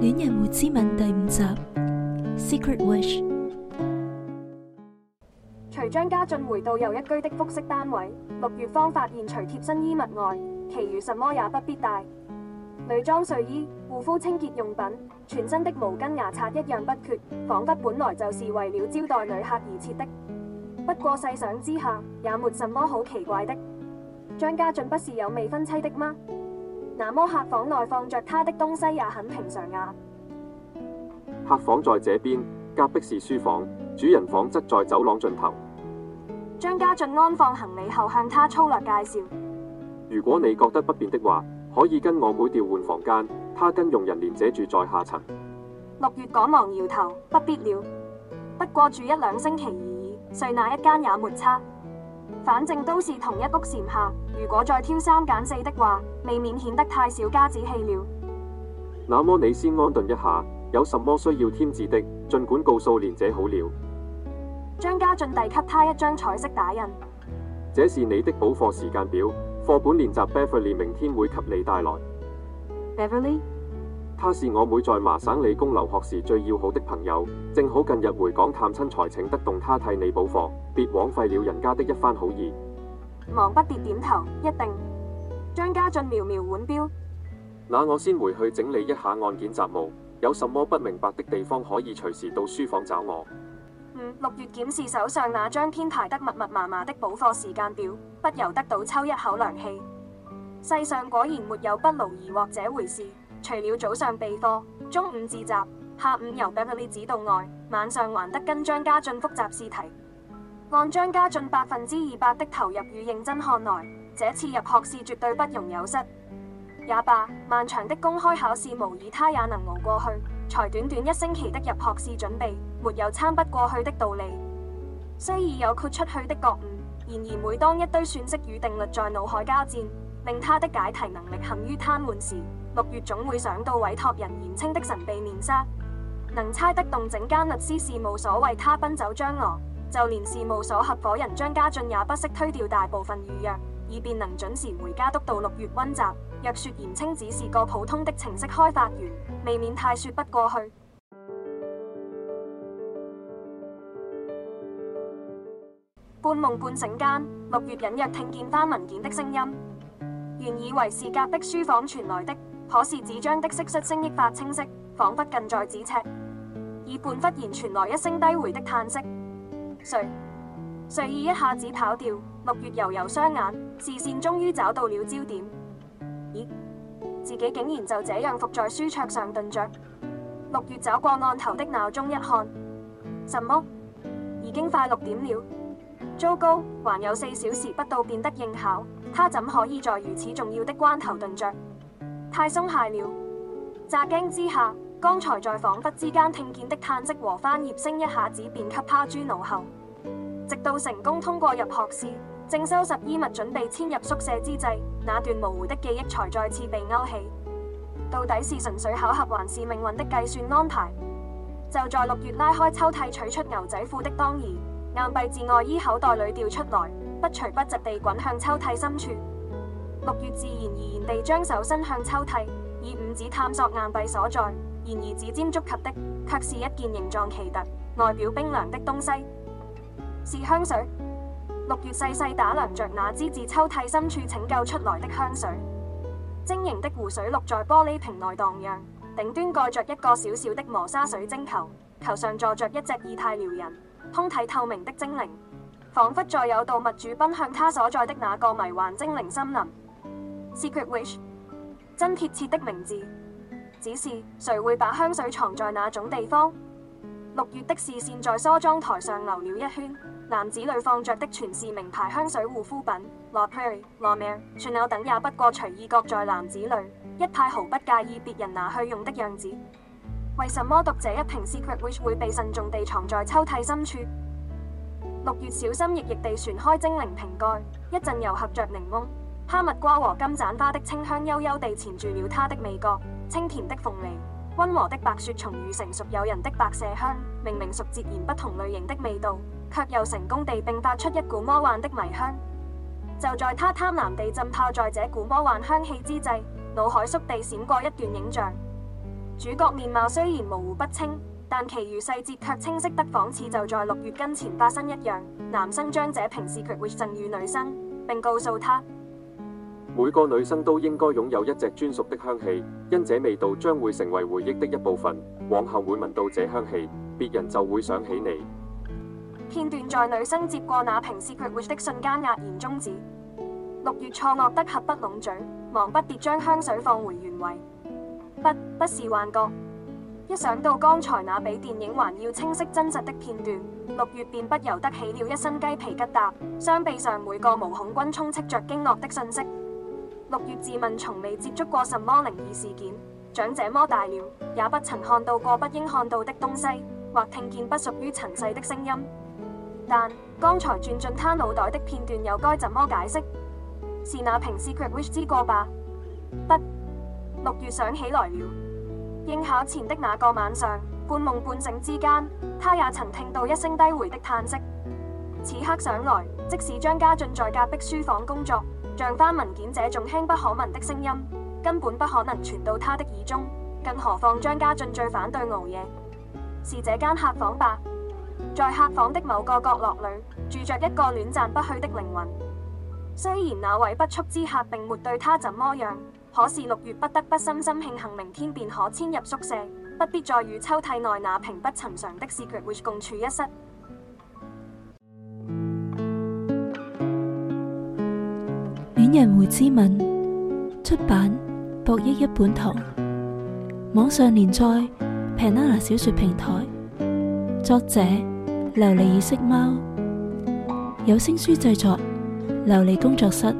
戀人湖之吻第五集。Secret Wish。隨張家俊回到又一居的複式單位，六月芳發現除貼身衣物外，其餘什麼也不必帶。女裝睡衣、護膚清潔用品、全新的毛巾牙刷一樣不缺，仿佛本來就是為了招待女客而設的。不過細想之下，也沒什麼好奇怪的。張家俊不是有未婚妻的嗎？那麼客房內放着他的東西也很平常啊。客房在這邊，隔壁是書房，主人房則在走廊盡頭。張家俊安放行李後，向他粗略介紹：如果你覺得不便的話，可以跟我妹調換房間。他跟傭人連者住在下層。六月趕忙搖頭：不必了，不過住一兩星期而已，睡哪一間也沒差。反正都是同一屋檐下，如果再挑三揀四的話，未免顯得太小家子氣了。那麼你先安頓一下，有什麼需要添置的，儘管告訴蓮姐好了。張家俊遞給他一張彩色打印，這是你的補課時間表，課本練習 Beverly 明天會給你帶來。Beverly。他是我妹在麻省理工留學時最要好的朋友，正好近日回港探親才請得動他替你補課，別枉費了人家的一番好意。忙不迭點頭，一定。張家俊瞄瞄腕錶，那我先回去整理一下案件雜務，有什麼不明白的地方可以隨時到書房找我。嗯，六月檢視手上那張編排得密密麻麻的補課時間表，不由得倒抽一口涼氣。世上果然沒有不勞而獲這回事。除了早上備課、中午自習、下午由 Billy 指導外，晚上還得跟張家俊複習試題。按張家俊百分之二百的投入與認真看來，這次入學試絕對不容有失。也罷，漫長的公開考試無疑他也能熬過去。才短短一星期的入學試準備，沒有參不過去的道理。雖已有豁出去的覺悟，然而每當一堆算式與定律在腦海交戰，令他的解題能力陷於癱瘓時，六月總會想到委託人言青的神秘面紗，能猜得動整間律師事務所為他奔走張羅，就連事務所合夥人張家俊也不惜推掉大部分預約，以便能準時回家督導六月溫習。若說言青只是個普通的程式開發員，未免太說不過去。半夢半醒間，六月隱約聽見翻文件的聲音，原以為是隔壁書房傳來的。可是紙張的色色聲益發清晰，仿佛近在咫尺。耳畔忽然傳來一聲低回的嘆息，睡睡意一下子跑掉。六月揉揉雙眼，視線終於找到了焦點。咦，自己竟然就這樣伏在書桌上盹着。六月走過案頭的鬧鐘一看，什麼，已經快六點了。糟糕，還有四小時不到變得應考，他怎可以在如此重要的關頭盹着？太鬆懈了，乍驚之下，剛才在恍惚之間聽見的嘆息和翻頁聲，一下子便給拋諸腦後。直到成功通過入學試，正收拾衣物準備遷入宿舍之際，那段模糊的記憶才再次被勾起。到底是純粹巧合，還是命運的計算安排？就在六月拉開抽屜取出牛仔褲的當兒，硬幣自外衣口袋裏掉出來，不徐不疾地滾向抽屜深處。六月自然而然地將手伸向抽屜，以五指探索硬幣所在，然而指尖觸及的，卻是一件形狀奇特、外表冰涼的東西，是香水。六月細細打量着那支自抽屜深處拯救出來的香水，晶瑩的湖水綠在玻璃瓶內蕩漾，頂端蓋着一個小小的磨砂水晶球，球上坐着一隻意態撩人，通體透明的精靈，仿佛在誘導物主奔向他所在的那個迷幻精靈森林。Secret Wish，真貼切的名字。只是誰會把香水藏在那種地方？六月的視線在梳妝台上溜了一圈，籃子裏放着的全是名牌香水護膚品，La Prairie、La, pra irie, La Mer、Chanel 等，也不過隨意擱在籃子裏，一派毫不介意別人拿去用的樣子。為什麼獨這一瓶 Secret Wish 會被慎重地藏在抽屜深處？六月小心翼翼地旋開精靈瓶蓋，一陣油合着檸檬。哈密瓜和金盞花的清香悠悠地纏住了他的味覺，清甜的鳳梨、温和的白雪松與成熟誘人的白麝香，明明屬截然不同類型的味道，卻又成功地迸發出一股魔幻的迷香。就在他貪婪地浸泡在這股魔幻香氣之際，腦海倏地閃過一段影像：主角面貌雖然模糊不清，但其餘細節卻清晰得仿似就在六月跟前發生一樣。男生將這瓶 Secret Wish 贈予女生，並告訴她。每個女生都應該擁有一隻專屬的香氣，因這味道將會成為回憶的一部分。往後會聞到這香氣，別人就會想起你。片段在女生接過那瓶絲血活的瞬間，壓然終止。六月錯愕得合不攏嘴，忙不迭將香水放回原位。不，不是幻覺。一想到剛才那比電影還要清晰真實的片段，六月便不由得起了一身雞皮疙瘩，雙臂上每個毛孔均充斥着驚愕的信息。六月自問從未接觸過什麼靈異事件，長這麼大了也不曾看到過不應看到的東西，或聽見不屬於塵世的聲音。但剛才鑽進他腦袋的片段又該怎麼解釋？是那瓶 Secret Wish 之過吧？不，六月想起來了，應考前的那個晚上，半夢半醒之間，他也曾聽到一聲低迴的嘆息。此刻想來，即使張家俊在隔壁書房工作，像翻文件這種輕不可聞的聲音，根本不可能傳到他的耳中。更何況張家俊最反對熬夜，是這間客房吧？在客房的某個角落裏，住着一個戀棧不去的靈魂。雖然那位不速之客並沒對他怎麼樣，可是六月不得不深深慶幸，明天便可遷入宿舍，不必再與抽屜內那並不尋常的 Secret Wish 共處一室。戀人湖之吻出版，博益一,一本堂網上連載，Penana 小說平台，作者琉璃異色貓，有聲書製作琉璃工作室。